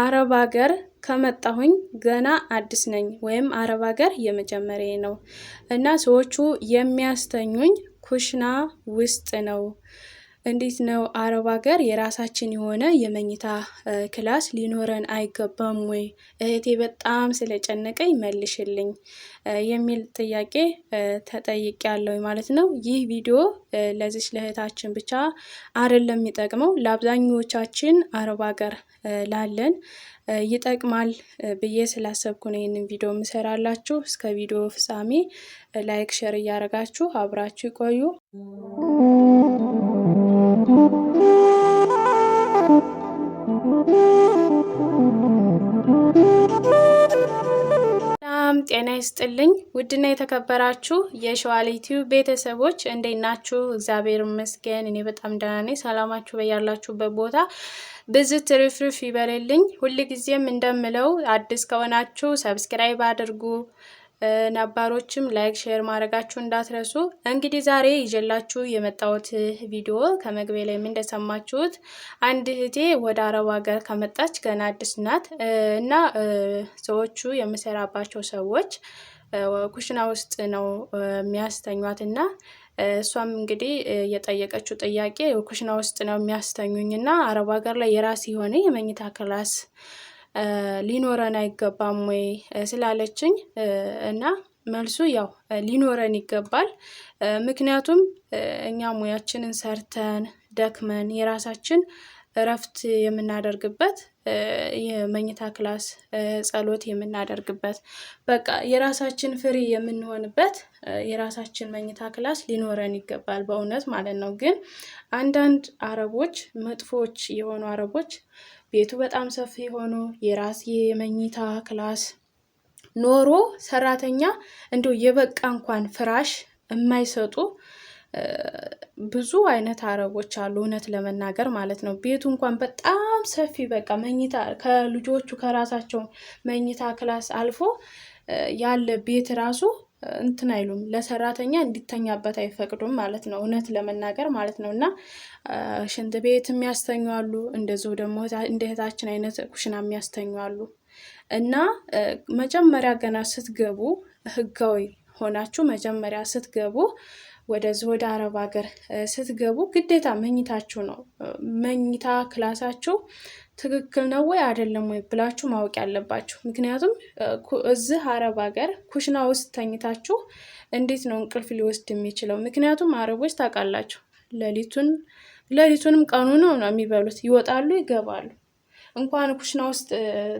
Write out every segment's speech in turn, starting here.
አረብ ሀገር ከመጣሁኝ ገና አዲስ ነኝ ወይም አረብ ሀገር የመጀመሪያ ነው እና ሰዎቹ የሚያስተኙኝ ኩሽና ውስጥ ነው። እንዴት ነው አረብ ሀገር የራሳችን የሆነ የመኝታ ክላስ ሊኖረን አይገባም ወይ? እህቴ በጣም ስለጨነቀኝ መልሽልኝ የሚል ጥያቄ ተጠይቅ ያለው ማለት ነው። ይህ ቪዲዮ ለዚች ለእህታችን ብቻ አይደለም የሚጠቅመው ለአብዛኞቻችን አረብ ሀገር ላለን ይጠቅማል ብዬ ስላሰብኩ ነው ይህንን ቪዲዮ የምሰራላችሁ። እስከ ቪዲዮ ፍጻሜ ላይክ፣ ሸር እያደረጋችሁ አብራችሁ ይቆዩ። ጤና ይስጥልኝ ውድና የተከበራችሁ ዩቲዩብ ቤተሰቦች እንዴት ናችሁ? እግዚአብሔር ይመስገን እኔ በጣም ደህና ነኝ። ሰላማችሁ በያላችሁበት ቦታ ብዙ ትርፍርፍ ይበልልኝ። ሁልጊዜም እንደምለው አዲስ ከሆናችሁ ሰብስክራይብ አድርጉ ነባሮችም ላይክ ሼር ማድረጋችሁ እንዳትረሱ። እንግዲህ ዛሬ ይዤላችሁ የመጣሁት ቪዲዮ ከመግቢያ ላይም እንደሰማችሁት አንድ እህቴ ወደ አረብ ሀገር ከመጣች ገና አዲስ ናት እና ሰዎቹ የምሰራባቸው ሰዎች ኩሽና ውስጥ ነው የሚያስተኟት እና እሷም እንግዲህ የጠየቀችው ጥያቄ ኩሽና ውስጥ ነው የሚያስተኙኝ እና አረብ ሀገር ላይ የራስ የሆነ የመኝታ ክላስ ሊኖረን አይገባም ወይ ስላለችኝ እና መልሱ ያው ሊኖረን ይገባል። ምክንያቱም እኛ ሙያችንን ሰርተን ደክመን የራሳችን እረፍት የምናደርግበት የመኝታ ክላስ ጸሎት የምናደርግበት በቃ የራሳችን ፍሪ የምንሆንበት የራሳችን መኝታ ክላስ ሊኖረን ይገባል በእውነት ማለት ነው። ግን አንዳንድ አረቦች መጥፎዎች የሆኑ አረቦች ቤቱ በጣም ሰፊ ሆኖ የራስ የመኝታ ክላስ ኖሮ ሰራተኛ እንዲሁ የበቃ እንኳን ፍራሽ የማይሰጡ ብዙ አይነት አረቦች አሉ፣ እውነት ለመናገር ማለት ነው። ቤቱ እንኳን በጣም ሰፊ በቃ መኝታ ከልጆቹ ከራሳቸው መኝታ ክላስ አልፎ ያለ ቤት ራሱ እንትን አይሉም፣ ለሰራተኛ እንዲተኛበት አይፈቅዱም ማለት ነው፣ እውነት ለመናገር ማለት ነው እና ሽንት ቤት የሚያስተኙ አሉ። እንደዚሁ ደግሞ እንደ እህታችን አይነት ኩሽና የሚያስተኙ አሉ እና መጀመሪያ ገና ስትገቡ ህጋዊ ሆናችሁ መጀመሪያ ስትገቡ ወደዚህ ወደ አረብ ሀገር ስትገቡ ግዴታ መኝታችሁ ነው። መኝታ ክላሳችሁ ትክክል ነው ወይ አይደለም ወይ ብላችሁ ማወቅ ያለባችሁ። ምክንያቱም እዚህ አረብ ሀገር ኩሽና ውስጥ ተኝታችሁ እንዴት ነው እንቅልፍ ሊወስድ የሚችለው? ምክንያቱም አረቦች ታውቃላችሁ ሌሊቱን ሌሊቱንም ቀኑ ነው ነው የሚበሉት። ይወጣሉ፣ ይገባሉ። እንኳን ኩሽና ውስጥ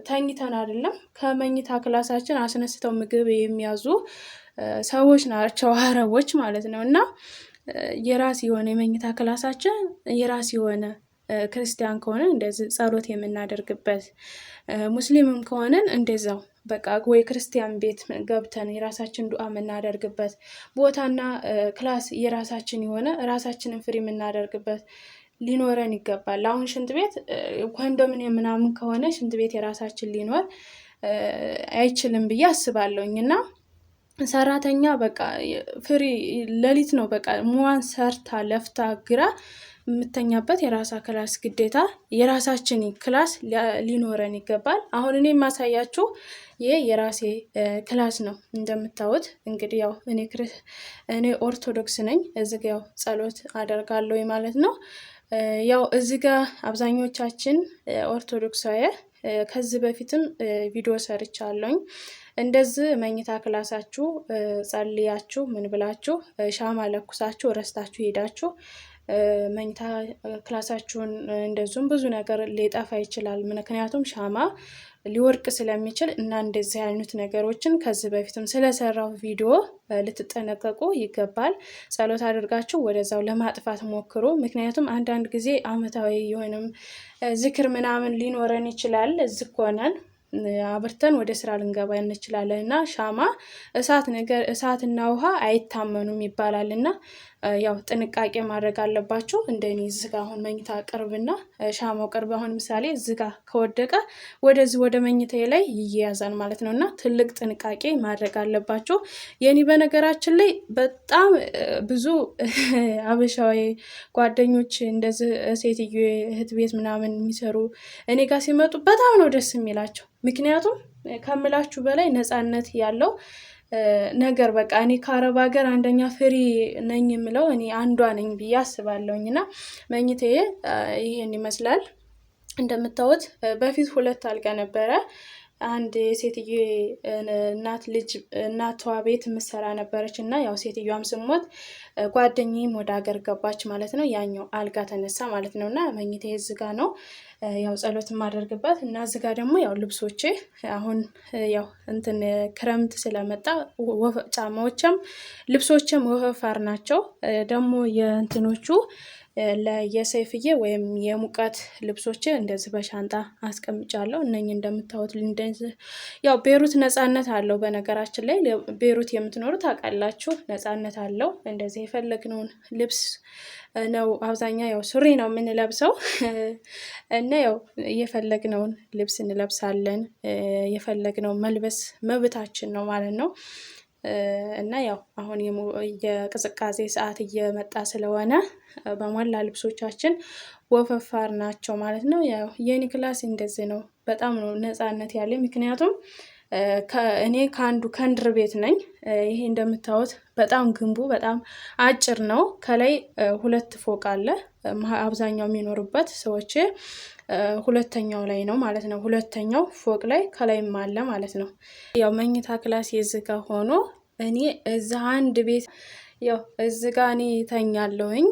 ተኝተን አይደለም ከመኝታ ክላሳችን አስነስተው ምግብ የሚያዙ ሰዎች ናቸው አረቦች ማለት ነው። እና የራስ የሆነ የመኝታ ክላሳችን የራስ የሆነ ክርስቲያን ከሆነ እንደዚህ ጸሎት የምናደርግበት፣ ሙስሊምም ከሆነን እንደዛው በቃ ወይ ክርስቲያን ቤት ገብተን የራሳችን ዱዓ የምናደርግበት ቦታና ክላስ የራሳችን የሆነ ራሳችንን ፍሪ የምናደርግበት ሊኖረን ይገባል። አሁን ሽንት ቤት ኮንዶሚኒየም ምናምን ከሆነ ሽንት ቤት የራሳችን ሊኖር አይችልም ብዬ አስባለሁኝ እና ሰራተኛ በቃ ፍሪ ሌሊት ነው በቃ ሙዋን ሰርታ ለፍታ ግራ የምተኛበት የራሳ ክላስ ግዴታ የራሳችን ክላስ ሊኖረን ይገባል። አሁን እኔ የማሳያችሁ ይህ የራሴ ክላስ ነው። እንደምታዩት እንግዲህ ያው እኔ ኦርቶዶክስ ነኝ። እዚህ ያው ጸሎት አደርጋለሁ ማለት ነው። ያው እዚህ ጋር አብዛኞቻችን ኦርቶዶክሳዊ ከዚህ በፊትም ቪዲዮ ሰርቻለሁኝ። እንደዚህ መኝታ ክላሳችሁ ጸልያችሁ ምን ብላችሁ ሻማ ለኩሳችሁ ረስታችሁ ሄዳችሁ መኝታ ክላሳችሁን እንደዚሁም ብዙ ነገር ሊጠፋ ይችላል። ምክንያቱም ሻማ ሊወርቅ ስለሚችል እና እንደዚህ አይነት ነገሮችን ከዚህ በፊትም ስለሰራው ቪዲዮ ልትጠነቀቁ ይገባል። ጸሎት አድርጋችሁ ወደዛው ለማጥፋት ሞክሩ። ምክንያቱም አንዳንድ ጊዜ አመታዊ የሆንም ዝክር ምናምን ሊኖረን ይችላል። ዝክ አብርተን ወደ ስራ ልንገባ እንችላለን እና ሻማ እሳት ነገር እሳትና ውሃ አይታመኑም ይባላል እና ያው ጥንቃቄ ማድረግ አለባችሁ። እንደኔ እዚጋ አሁን መኝታ ቅርብና ሻማው ቅርብ አሁን ምሳሌ እዚጋ ከወደቀ ወደዚህ ወደ መኝታ ላይ ይያዛል ማለት ነው እና ትልቅ ጥንቃቄ ማድረግ አለባችሁ። የኔ በነገራችን ላይ በጣም ብዙ አበሻዊ ጓደኞች እንደዚህ ሴትዮ እህት ቤት ምናምን የሚሰሩ እኔ ጋር ሲመጡ በጣም ነው ደስ የሚላቸው ምክንያቱም ከምላችሁ በላይ ነፃነት ያለው ነገር በቃ እኔ ከአረብ ሀገር አንደኛ ፍሪ ነኝ የምለው እኔ አንዷ ነኝ ብዬ አስባለሁኝ። እና መኝታዬ ይሄን ይመስላል። እንደምታዩት በፊት ሁለት አልጋ ነበረ። አንድ የሴትዮ እናት ልጅ እናቷ ቤት ምሰራ ነበረች እና ያው ሴትዮዋም ስሞት ጓደኝም ወደ ሀገር ገባች ማለት ነው። ያኛው አልጋ ተነሳ ማለት ነው እና መኝታዬ እዚህ ነው። ያው ጸሎት የማደርግበት እና እዚህ ጋር ደግሞ ያው ልብሶቼ አሁን ያው እንትን ክረምት ስለመጣ ጫማዎችም ልብሶችም ወፈፋር ናቸው ደግሞ የእንትኖቹ ለየሰይፍዬ ወይም የሙቀት ልብሶች እንደዚህ በሻንጣ አስቀምጫለሁ። እነኝህ እንደምታዩት ያው ቤሩት ነፃነት አለው። በነገራችን ላይ ቤሩት የምትኖሩ ታውቃላችሁ፣ ነፃነት አለው። እንደዚህ የፈለግነውን ልብስ ነው አብዛኛ ያው ሱሪ ነው የምንለብሰው እና ያው የፈለግነውን ልብስ እንለብሳለን። የፈለግነው መልበስ መብታችን ነው ማለት ነው። እና ያው አሁን የቅዝቃዜ ሰዓት እየመጣ ስለሆነ በሞላ ልብሶቻችን ወፈፋር ናቸው ማለት ነው። ያው የኔ ክላስ እንደዚህ ነው። በጣም ነው ነፃነት ያለ ምክንያቱም እኔ ከአንዱ ከንድር ቤት ነኝ። ይሄ እንደምታዩት በጣም ግንቡ በጣም አጭር ነው። ከላይ ሁለት ፎቅ አለ። አብዛኛው የሚኖሩበት ሰዎች ሁለተኛው ላይ ነው ማለት ነው። ሁለተኛው ፎቅ ላይ ከላይም አለ ማለት ነው። ያው መኝታ ክላስ የዝጋ ሆኖ እኔ እዛ አንድ ቤት ያው እዝጋ እኔ ተኛለውኝ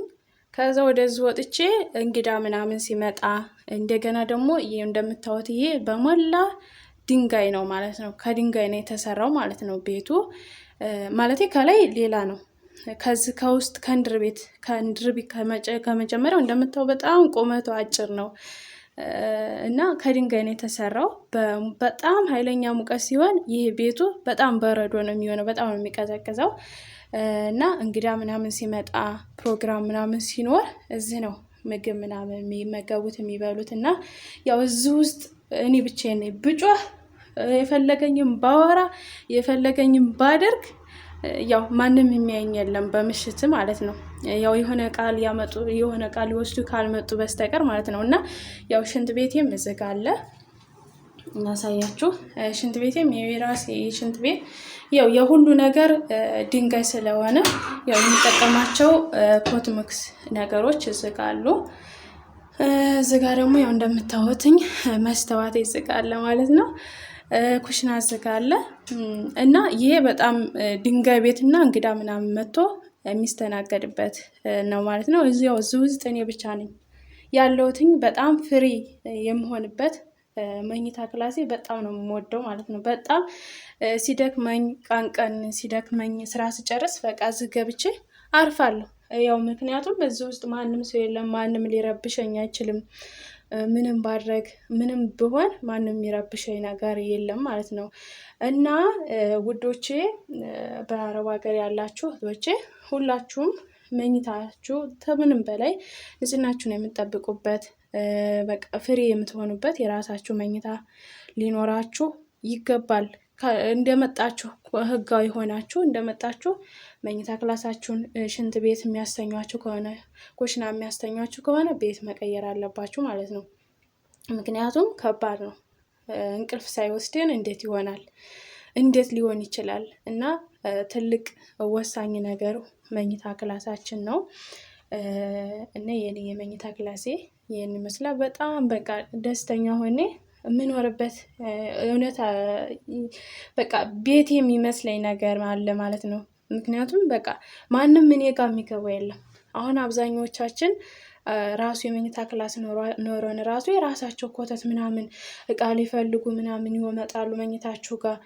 ከዛ ወደዚህ ወጥቼ እንግዳ ምናምን ሲመጣ እንደገና ደግሞ ይሄ እንደምታወት ይሄ በሞላ ድንጋይ ነው ማለት ነው። ከድንጋይ ነው የተሰራው ማለት ነው። ቤቱ ማለት ከላይ ሌላ ነው። ከዚህ ከውስጥ ከእንድር ቤት ከእንድር ቤት ከመጀመሪያው እንደምታው በጣም ቁመቱ አጭር ነው። እና ከድንጋይ ነው የተሰራው። በጣም ኃይለኛ ሙቀት ሲሆን ይህ ቤቱ በጣም በረዶ ነው የሚሆነው፣ በጣም ነው የሚቀዘቅዘው። እና እንግዳ ምናምን ሲመጣ ፕሮግራም ምናምን ሲኖር እዚህ ነው ምግብ ምናምን የሚመገቡት የሚበሉት። እና ያው እዚህ ውስጥ እኔ ብቻዬን ብጮህ የፈለገኝም ባወራ የፈለገኝም ባደርግ ያው ማንም የሚያኝ የለም በምሽት ማለት ነው። ያው የሆነ ቃል ያመጡ የሆነ ቃል ይወስዱ ካልመጡ በስተቀር ማለት ነው። እና ያው ሽንት ቤቴም እዝግ አለ እናሳያችሁ። ሽንት ቤቴም የራሴ ሽንት ቤት ያው የሁሉ ነገር ድንጋይ ስለሆነ ያው የሚጠቀማቸው ኮትምክስ ነገሮች እዝግ አሉ። እዝጋ ደግሞ ያው እንደምታወትኝ መስተዋት ይዝጋለ ማለት ነው። ኩሽና አዘጋለ እና ይሄ በጣም ድንጋይ ቤትና እንግዳ ምናምን መጥቶ የሚስተናገድበት ነው ማለት ነው። እዚያው እዚህ ውስጥ እኔ ብቻ ነኝ ያለሁትኝ በጣም ፍሪ የምሆንበት መኝታ ክላሴ በጣም ነው የምወደው ማለት ነው። በጣም ሲደክመኝ ቀንቀን ሲደክመኝ ስራ ስጨርስ በቃ እዚህ ገብቼ አርፋለሁ። ያው ምክንያቱም እዚህ ውስጥ ማንም ሰው የለም፣ ማንም ሊረብሸኝ አይችልም። ምንም ባድረግ ምንም ብሆን ማንም የሚረብሸኝ ነገር የለም ማለት ነው። እና ውዶቼ በአረብ ሀገር ያላችሁ እህቶቼ ሁላችሁም መኝታችሁ ከምንም በላይ ንጽህናችሁን የምጠብቁበት በቃ ፍሬ የምትሆኑበት የራሳችሁ መኝታ ሊኖራችሁ ይገባል። እንደመጣችሁ ህጋዊ ሆናችሁ እንደመጣችሁ መኝታ ክላሳችሁን ሽንት ቤት የሚያስተኟችሁ ከሆነ ኩሽና የሚያስተኟችሁ ከሆነ ቤት መቀየር አለባችሁ ማለት ነው። ምክንያቱም ከባድ ነው። እንቅልፍ ሳይወስድን እንዴት ይሆናል? እንዴት ሊሆን ይችላል? እና ትልቅ ወሳኝ ነገር መኝታ ክላሳችን ነው። እና የኔ የመኝታ ክላሴ ይህን ይመስላል። በጣም በቃ ደስተኛ ሆኔ የምኖርበት እውነት በቃ ቤት የሚመስለኝ ነገር አለ ማለት ነው። ምክንያቱም በቃ ማንም እኔ ጋር የሚገባ የለም። አሁን አብዛኞቻችን ራሱ የመኝታ ክላስ ኖረን ራሱ የራሳቸው ኮተት ምናምን እቃ ሊፈልጉ ምናምን ይመጣሉ መኝታችሁ ጋር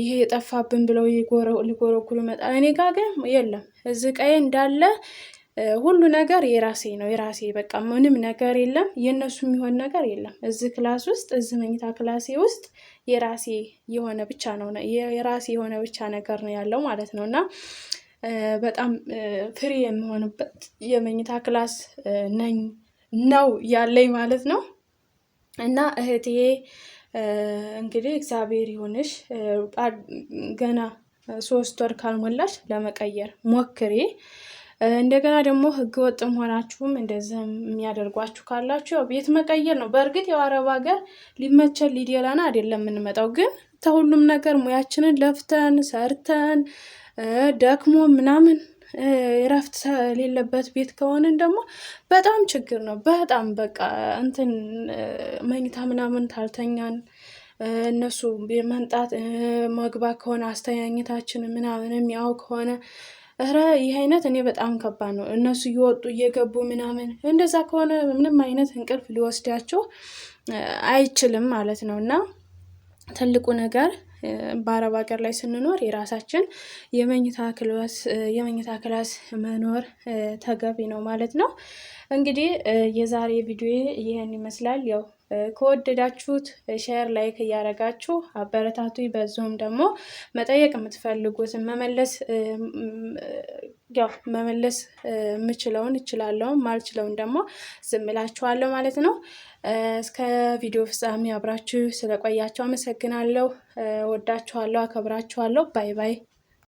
ይሄ የጠፋብን ብለው ሊጎረጉሉ ይመጣል። እኔ ጋ ግን የለም። እዚህ ቀዬ እንዳለ ሁሉ ነገር የራሴ ነው የራሴ በቃ ምንም ነገር የለም የእነሱ የሚሆን ነገር የለም። እዚህ ክላስ ውስጥ እዚህ መኝታ ክላሴ ውስጥ የራሴ የሆነ ብቻ ነው የራሴ የሆነ ብቻ ነገር ነው ያለው ማለት ነው እና በጣም ፍሪ የሚሆንበት የመኝታ ክላስ ነኝ ነው ያለኝ ማለት ነው እና እህቴ እንግዲህ እግዚአብሔር ይሁንሽ ገና ሶስት ወር ካልሞላሽ ለመቀየር ሞክሬ እንደገና ደግሞ ህገ ወጥ መሆናችሁም እንደዚህ የሚያደርጓችሁ ካላችሁ ያው ቤት መቀየር ነው። በእርግጥ ያው አረብ ሀገር ሊመቸን ሊደላን አይደለም የምንመጣው፣ ግን ተሁሉም ነገር ሙያችንን ለፍተን ሰርተን ደክሞ ምናምን እረፍት የሌለበት ቤት ከሆነን ደግሞ በጣም ችግር ነው። በጣም በቃ እንትን መኝታ ምናምን ታልተኛን እነሱ መምጣት መግባ ከሆነ አስተያኝታችን ምናምን የሚያው ከሆነ እረ ይህ አይነት እኔ በጣም ከባድ ነው። እነሱ እየወጡ እየገቡ ምናምን እንደዛ ከሆነ ምንም አይነት እንቅልፍ ሊወስዳቸው አይችልም ማለት ነው እና ትልቁ ነገር በአረብ ሀገር ላይ ስንኖር የራሳችን የመኝታ ክላስ መኖር ተገቢ ነው ማለት ነው። እንግዲህ የዛሬ ቪዲዮ ይህን ይመስላል ያው ከወደዳችሁት ሼር ላይክ እያደረጋችሁ አበረታቱ። በዚሁም ደግሞ መጠየቅ የምትፈልጉትን መመለስ ያው መመለስ የምችለውን እችላለውን ማልችለውን ደግሞ ዝም እላችኋለሁ ማለት ነው። እስከ ቪዲዮ ፍጻሜ አብራችሁ ስለቆያችሁ አመሰግናለሁ። ወዳችኋለሁ፣ አከብራችኋለሁ። ባይ ባይ።